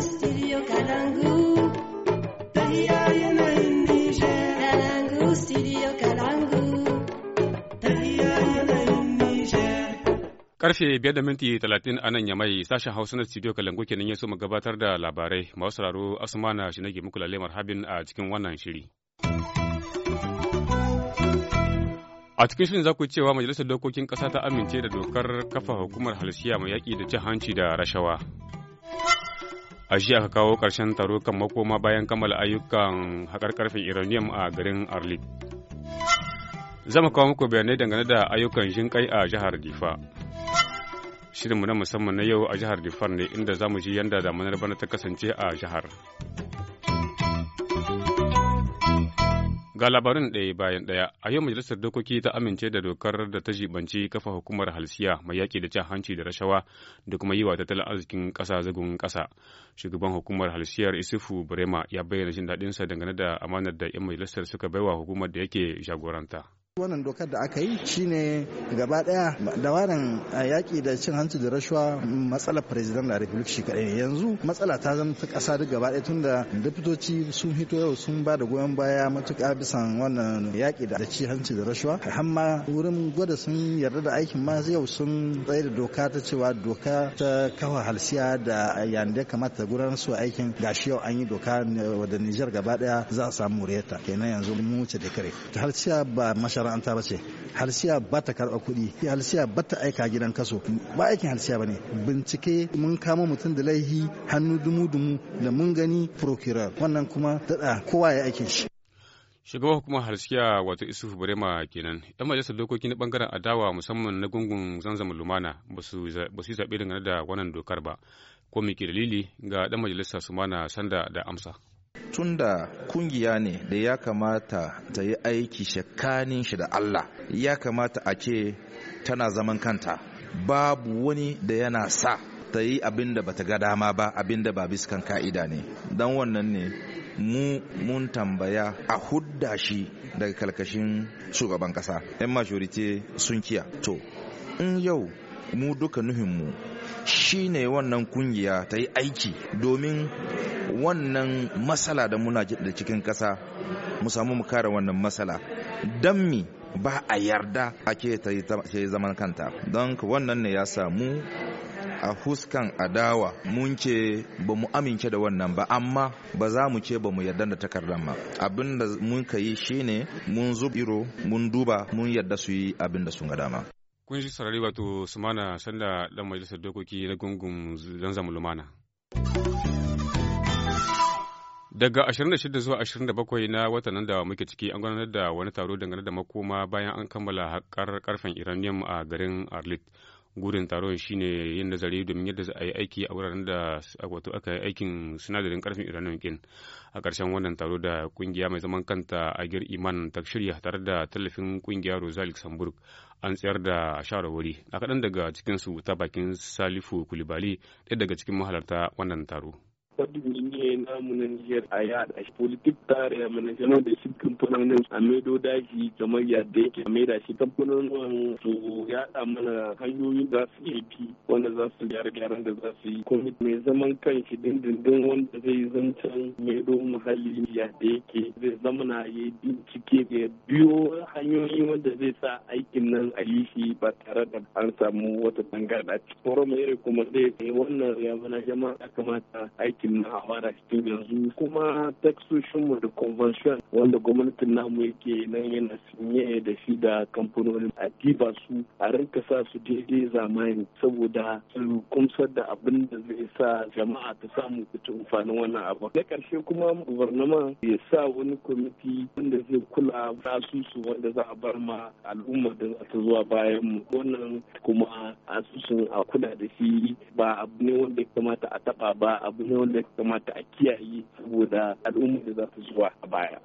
studio Karfe biyar da minti talatin a nan yamai sashen Hausa na studio Kalangu kenan ya so mu gabatar da labarai masu sauraro Asmana shi nage muku lalle habin a cikin wannan shiri. A cikin shirin za ku cewa Majalisar Dokokin Ƙasa ta amince da dokar kafa hukumar halsiya mai yaƙi da cin hanci da rashawa. a shi aka kawo ƙarshen taro kan makoma bayan kammala ayyukan haƙar karfin uranium a garin arlik zama kawo muku bayanai dangane da ayyukan jinƙai a jihar difa shirinmu na musamman na yau a jihar difar ne inda za mu ji yadda damanar bana ta kasance a jihar Ga labarin ɗaya bayan ɗaya, a yau Majalisar Dokoki ta amince da dokar da ta jibanci kafa hukumar halsiya mai yaƙi da cin hanci da rashawa da kuma yiwa wa tattalin arzikin ƙasa zagon ƙasa. Shugaban hukumar halsiyar Isufu Burema ya bayyana jin daɗinsa dangane da amanar da 'yan majalisar suka baiwa hukumar da yake jagoranta. wannan dokar da aka yi shine gaba daya da wannan yaki da cin hanci da rashuwa matsalar president da republic shi kadai yanzu matsala ta zama ta kasa duk gaba daya tunda deputoci sun hito yau sun ba da goyon baya matuƙa bisan wannan yaki da cin hanci da rashuwa har ma wurin gwada sun yarda da aikin ma yau sun tsaye da doka ta cewa doka ta kawo halsiya da yanda ya kamata gudanar su aikin gashi yau an yi doka wadda Nijar gaba daya za a samu reta kenan yanzu mun wuce da kare halsiya ba masha makaranta ba ce halsiya ba ta karɓa kuɗi halsiya ba ta aika gidan kaso ba aikin halsiya ba ne bincike mun kama mutum da laihi hannu dumu-dumu da mun gani procurer wannan kuma daɗa kowa ya aikin shi shugaban hukumar halsiya wato isufu barema kenan yan majalisar dokoki na bangaren adawa musamman na gungun zanzama lumana ba su yi zaɓe dangane da wannan dokar ba ko mike dalili ga dan majalisar sumana sanda da amsa tunda kungiya ne da ya kamata ta yi aiki shakanin shi da Allah ya kamata a ce tana zaman kanta babu wani da yana sa ta yi abin da bata ga dama ba abin da ba biskan ka'ida ne don wannan ne mu mun tambaya a hudda shi daga kalkashin shugaban kasa yan majorite sun kiya to in yau mu duka nuhinmu shine wannan kungiya ta yi aiki domin wannan matsala da muna da cikin ƙasa mu samu mu kare wannan matsala don mi ba a yarda ake ta yi zaman kanta don wannan ne ya samu a fuskan adawa mun ce ba mu amince da wannan ba amma ba za mu ce ba mu yarda da takardar ma. abin da mun ka yi shine mun zub iro mun duba mun yarda su yi abin da sun ga dama kun shi sarari wato sumana sanda dan majalisar dokoki na gungun dan lumana Daga 26 zuwa 27 na watan da muke ciki an gudanar da wani taro dangane da makoma bayan an kammala haƙar karfen Iranium a garin Arlit. Gurin taron shi ne yin nazari domin yadda za a yi aiki a wuraren da wato aka yi aikin sinadarin karfin Iranium kin. A ƙarshen wannan taro da kungiya mai zaman kanta Agir Iman ta shirya tare da tallafin kungiyar Rosa Luxembourg an tsayar da shawarwari. A kaɗan daga cikinsu ta bakin Salifu Kulibali ɗaya daga cikin mahalarta wannan taro. kwadin ne namu na Nijar a yada shi politik tare ya mana da shi kamfanonin a maido daji kamar yadda yake maida shi kamfanonin su yada mana hanyoyin za su iya bi wanda za su gyara gyaran da za su yi komit mai zaman kanshi dindindin wanda zai zancen maido muhalli yadda yake zai zama na yi bincike ya biyo hanyoyi wanda zai sa aikin nan a yi shi ba tare da an samu wata tangarda. Forum ya kuma zai wannan ya mana jama'a kamata aiki cikin na cikin yanzu kuma taksoshinmu da convention wanda gwamnatin namu yake nan yana sinye da shi da kamfanonin a diba su a rinka sa su daidai zamani saboda su kumsar da abin da zai sa jama'a ta samu kuci amfanin wannan abu na karshe kuma gwamnama ya sa wani kwamiti wanda zai kula da asusu wanda za a bar ma al'umma da za ta zuwa bayan mu wannan kuma asusun a kula da shi ba abu ne wanda ya kamata a taba ba abu ne wanda da ya kamata a kiyaye saboda al'umma da za su zuwa a baya.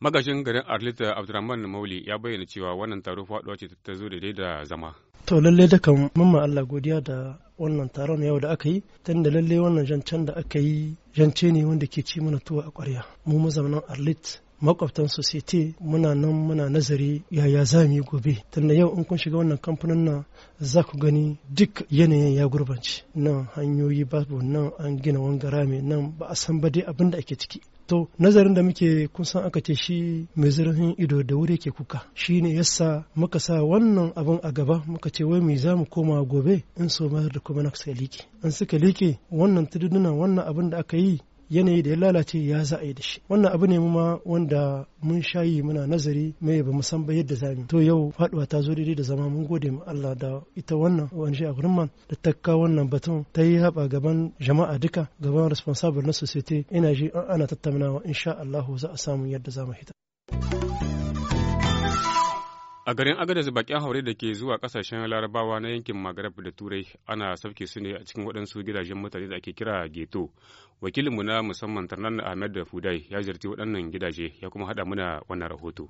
Magashin garin Arlita Abdurrahman Mauli ya bayyana cewa wannan taro faɗuwa ce ta zo daidai da zama. To lalle da kan mamma Allah godiya da wannan taron yau da aka yi, tun da lalle wannan can da aka yi ce ne wanda ke ci mana tuwa a ƙwarya. Mu mazaunan Arlit makwabtansu sai muna nan muna nazari yaya za mu yi gobe tunda yau in kun shiga wannan kamfanin na za ku gani duk yanayin ya gurbanci nan hanyoyi babu nan an gina wangara mai nan ba a san ba dai abin da ake ciki to nazarin da muke kun san aka ce shi mai zurfin ido da wuri ke kuka shi ne yasa muka sa wannan abin a gaba muka ce wai mai za mu koma gobe in so mayar da kuma na suka liƙe in suka liƙe wannan tudunan wannan abin da aka yi yanayi da ya lalace ya za a yi da shi wannan abu ne ma wanda mun shayi muna nazari mai ba san ba yadda zamu to yau faduwa ta zo daidai da zama mun gode ma Allah da ita wannan wani a gurman da ta kawo wannan batun ta yi haɓa gaban jama'a duka gaban responsible na society ina ji ana tattaunawa insha Allah za a samu yadda zamu hita A garin Agadez bakin haure da ke zuwa kasashen larabawa na yankin Maghreb da Turai ana sauke su ne a cikin waɗansu gidajen mutane da ake kira geto. Wakilinmu na musamman Tarnan Ahmed da Fudai ya ziyarci waɗannan gidaje ya kuma haɗa muna wannan rahoto.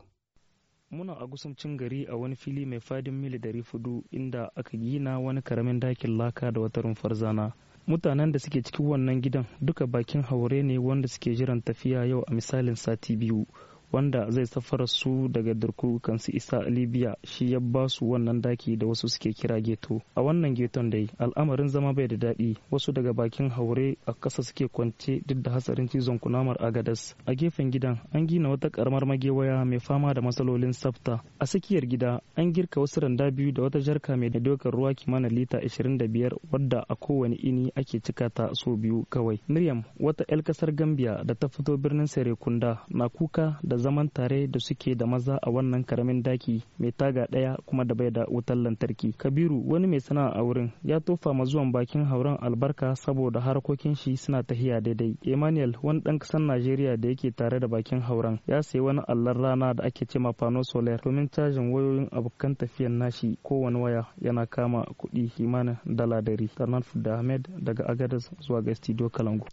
Muna a gusancin gari a wani fili mai fadin mili dari fudu inda aka gina wani karamin dakin laka da wata rumfar zana. Mutanen da suke cikin wannan gidan duka bakin haure ne wanda suke jiran tafiya yau a misalin sati biyu. wanda zai safara su daga kan su isa libya shi ya ba su wannan daki da wasu suke kira geto a wannan geton dai al'amarin zama bai da daɗi wasu daga bakin haure a ƙasa suke kwance duk da hatsarin cizon kunamar agadas a gefen gidan an gina wata karamar magewaya mai fama da matsalolin tsafta a tsakiyar gida an girka wasu randa biyu da wata jarka mai dokar ruwa kimanin lita ashirin da biyar wadda a kowane ini ake cika ta so biyu kawai miriam wata 'yar kasar gambia da ta fito birnin serekunda na kuka da da zaman tare da suke da maza a wannan karamin daki mai taga ɗaya kuma da bai da wutar lantarki kabiru wani mai sana'a a wurin ya tofa ma zuwan bakin hauren albarka saboda harkokin shi suna tahiya daidai emmanuel wani dan ƙasan najeriya da yake tare da bakin hauren ya sayi wani allar rana da ake ce ma pano solar domin cajin wayoyin abokan tafiyan nashi kowane waya yana kama kuɗi kimanin dala dari sannan da ahmed daga agadas zuwa ga studio kalangu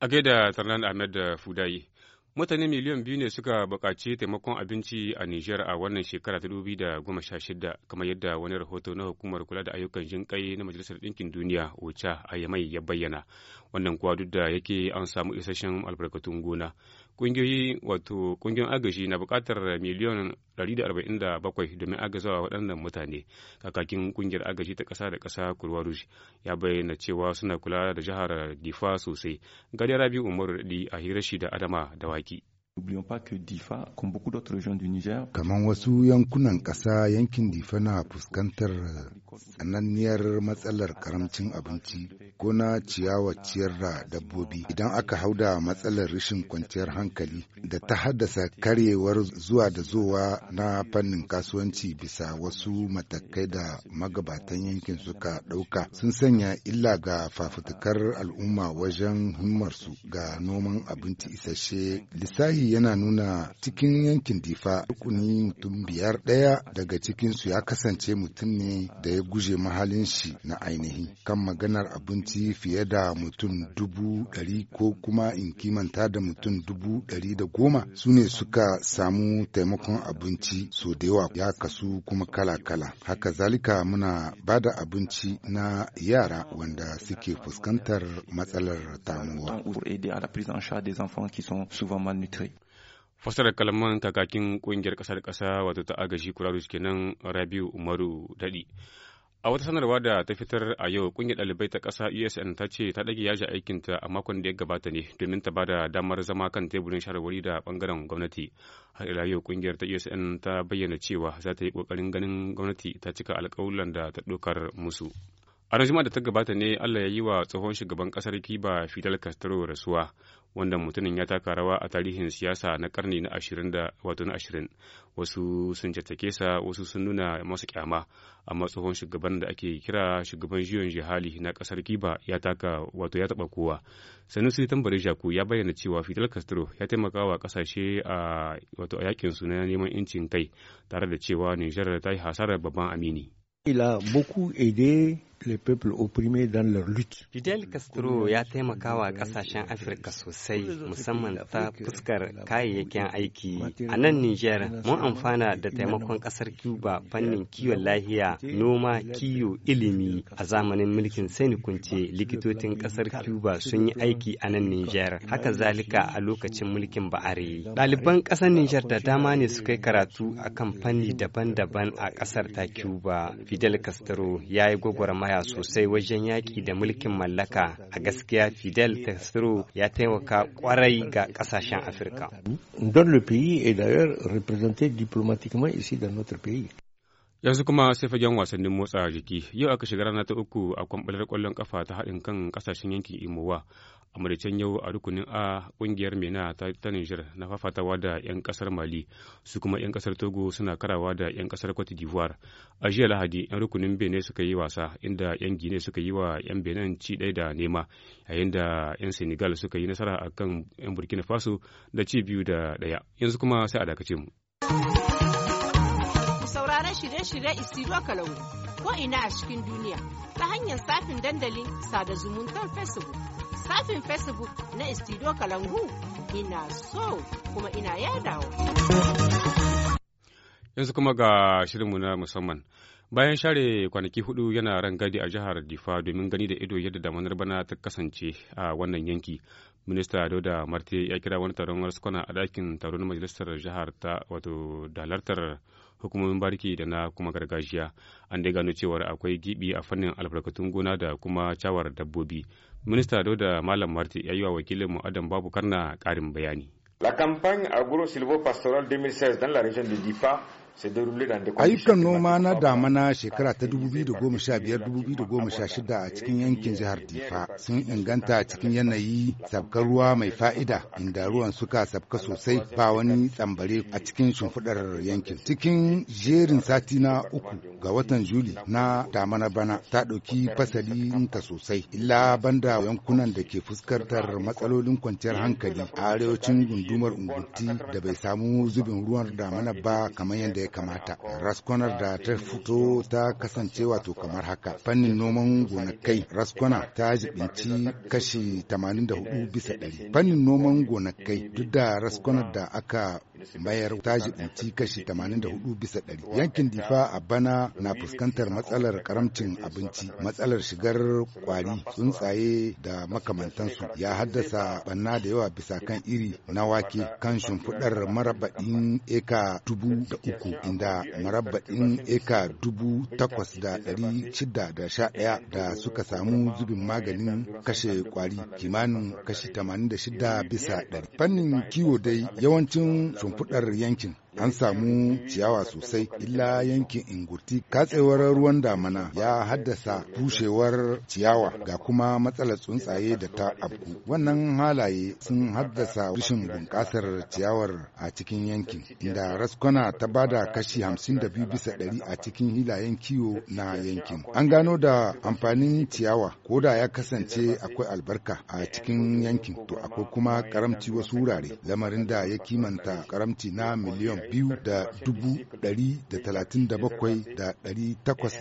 a gaida tsarnan ahmed fudayi Mutane miliyan biyu ne suka buƙaci taimakon abinci a Nijar a wannan shekara ta dubi da goma sha shida, kamar yadda wani rahoto na hukumar kula da ayyukan jin kai na Majalisar Ɗinkin Duniya OCHA a Yamai ya bayyana. Wannan kuwa duk da yake an samu isasshen albarkatun gona. kungiyoyi wato kungiyoyin agaji na bukatar miliyan 147 domin agazawa waɗannan mutane kakakin kungiyar agaji ta ƙasa da ƙasa kurwa ya bayyana cewa suna kula da jihar difa sosai gadi rabi umaru a hirashi da adama da waki Kaman wasu yankunan kasa yankin Difa na fuskantar tsananniyar matsalar karamcin abinci ko na ciyawa ciyar da dabbobi idan aka hau da matsalar rashin kwanciyar hankali da ta haddasa karyewar zuwa da zowa na fannin kasuwanci bisa wasu matakai da magabatan yankin suka ɗauka sun sanya illa ga fafutukar al'umma wajen himmarsu ga noman abinci isasshe lissahi tarihi yana nuna cikin yankin difa rukuni mutum biyar ɗaya daga cikinsu ya kasance mutum ne da ya guje mahalin shi na ainihi kan maganar abinci fiye da mutum dubu ɗari ko kuma in kimanta da mutum dubu ɗari da goma su ne suka samu taimakon abinci so da yawa ya kasu kuma kala-kala haka zalika muna ba da abinci na yara wanda suke fuskantar matsalar tamuwa. souvent malnutris. fasarar kalaman kakakin kungiyar kasar kasa wato ta agaji kurarus kenan rabiu umaru daɗi a wata sanarwa da ta fitar a yau kungiyar ɗalibai ta ƙasa usn ta ce ta ɗage yaji aikinta a makon da ya gabata ne domin ta bada damar zama kan teburin shawarwari da ɓangaren gwamnati har ila yau kungiyar ta usn ta bayyana cewa za ta yi ƙoƙarin ganin gwamnati ta cika alƙawuran da ta ɗaukar musu a rajima da ta gabata ne allah ya yi wa tsohon shugaban ƙasar kiba fidel castro rasuwa wanda mutumin ya taka rawa a tarihin siyasa na karni na ashirin da wato na ashirin wasu sun cattake sa wasu sun nuna masa kyama amma tsohon shugaban da ake kira shugaban jiyon jihali na kasar kiba ya taka wato ya taba kowa sanusi tambari jaku ya bayyana cewa fidel castro ya taimaka wa kasashe a wato a yakin su na neman incin kai tare da cewa nijar ta yi hasarar babban amini. Il ede. Fidel Castro ya taimaka wa kasashen Afirka sosai musamman ta fuskar kayayyakin aiki. A nan Nijar mun amfana da taimakon ƙasar Cuba fannin kiwon lahiya, noma, kiwo, ilimi a zamanin mulkin Sani Kunce likitocin ƙasar Cuba sun yi aiki a nan Nijar. Haka zalika a lokacin mulkin Ba'are. Ɗaliban ƙasar Nijar da dama ne suka yi karatu kan fanni daban-daban a ƙasar ta Cuba. Fidel Castro ya yi gwagwarmaya baya sosai wajen yaƙi da mulkin mallaka a gaskiya fidel castro ya taimaka kwarai ga ƙasashen afirka don le pays est d'ailleurs représenté diplomatiquement ici dans notre pays yanzu kuma sai fagen wasannin motsa jiki yau aka shiga rana ta uku a kwambalar kwallon kafa ta haɗin kan kasashen yankin imowa a maricen yau a rukunin a ƙungiyar mena ta ta niger na fafatawa da 'yan kasar mali su kuma 'yan ƙasar togo suna karawa da 'yan kasar cote d'ivoire a jiya lahadi 'yan rukunin benin suka yi wasa inda 'yan gine suka yi wa 'yan benin ci ɗaya da nema yayin da 'yan senegal suka yi nasara a akan 'yan burkina faso da ci biyu da ɗaya yanzu kuma sai a dakace mu. shirye-shirye Isiro Kalangu ko ina a cikin duniya ta hanyar safin dandalin sada zumuntar Facebook. Safin Facebook na Isiro Kalangu ina so kuma ina yadawa. Yanzu kuma ga shirinmu na musamman. Bayan share kwanaki hudu yana rangadi a jihar Difa domin gani da ido yadda damanar bana ta kasance a wannan yanki. Minista Dauda marti ya kira wani taron wasu kwana a dakin taron majalisar jihar ta wato dalartar hukumomin barki da na kuma gargajiya an dai gano cewar akwai gibi a fannin albarkatun gona da kuma cawar dabbobi minista dauda malam marti ya yi wa wakilin mu adam babu karna karin bayani La campagne agro pastoral 2016 dans la région de Difa Ayyukan noma na damana shekara ta 2015-2016 a cikin yankin jihar Difa sun inganta cikin yanayi sabkar ruwa mai fa'ida inda ruwan suka sabka sosai ba wani tsambare a cikin shimfiɗar yankin. Cikin jerin sati na uku ga watan Juli na damana bana ta ɗauki ta sosai illa banda yankunan da ke fuskantar matsalolin kwanciyar hankali a arewacin gundumar Unguti da bai samu zubin ruwan damana ba kamar yadda ya kamata raskonar da ta fito ta kasance wato kamar haka fannin noman gonakai raskona ta jibinci kashi 84 bisa ɗari fannin noman gonakai duk da raskonar da aka bayar ta jibinci kashi 84 bisa ɗari yankin difa a bana na fuskantar matsalar karamcin abinci matsalar shigar kwari tsuntsaye da makamantansu ya haddasa banna da yawa bisa kan iri na wake kan shimfiɗar marabaɗin eka dubu da uku inda marabba'in eka dubu takwas da ɗari shida da sha ɗaya da suka samu zubin maganin kashe kwari kimanin kashi tamanin da shida bisa ɗari. Fannin kiwo dai yawancin shimfiɗar yankin an samu ciyawa sosai illa yankin ingurti katsewar ruwan damana ya haddasa bushewar ciyawa ga kuma matsalar tsuntsaye da ta abu. wannan halaye sun haddasa rashin bunƙasar ciyawar a cikin yankin inda raskwana ta bada kashi 52 bisa ɗari a cikin hilayen kiwo na yankin an gano da amfanin ciyawa ko da ya kasance akwai albarka a cikin yankin to akwai kuma karamci wasu wurare lamarin da ya kimanta karamci na miliyan biyu da dubu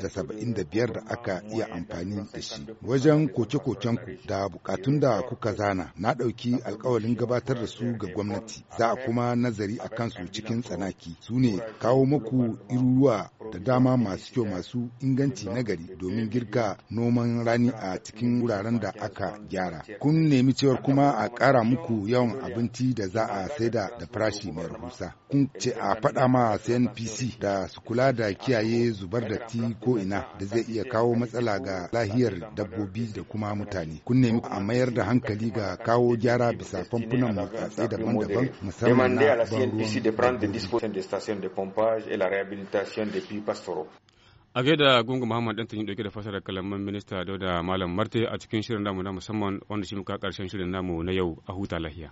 da saba'in da biyar da aka iya amfani da shi wajen koke ku da bukatun da kuka zana na ɗauki alkawalin gabatar da su ga gwamnati za a kuma nazari a kansu cikin tsanaki su ne kawo muku iruwa, da dama masu kyau masu inganci nagari, domin girka noman rani a cikin wuraren da aka gyara kun nemi cewar kuma a ƙara muku yawan abinci da za a saida da farashi mai rahusa kun ce ce a faɗa ma CNPC da su kula da kiyaye zubar da ti ko ina da zai iya kawo matsala ga lahiyar dabbobi da kuma mutane. Kun nemi a mayar da hankali ga kawo gyara bisa famfunan motsatsai daban-daban musamman na ban ruwan. a gaida gungun muhammad dan tanyi dauke da fasarar kalaman minista dauda malam marte a cikin shirin namu na musamman wanda shi muka karshen shirin namu na yau a huta lahiya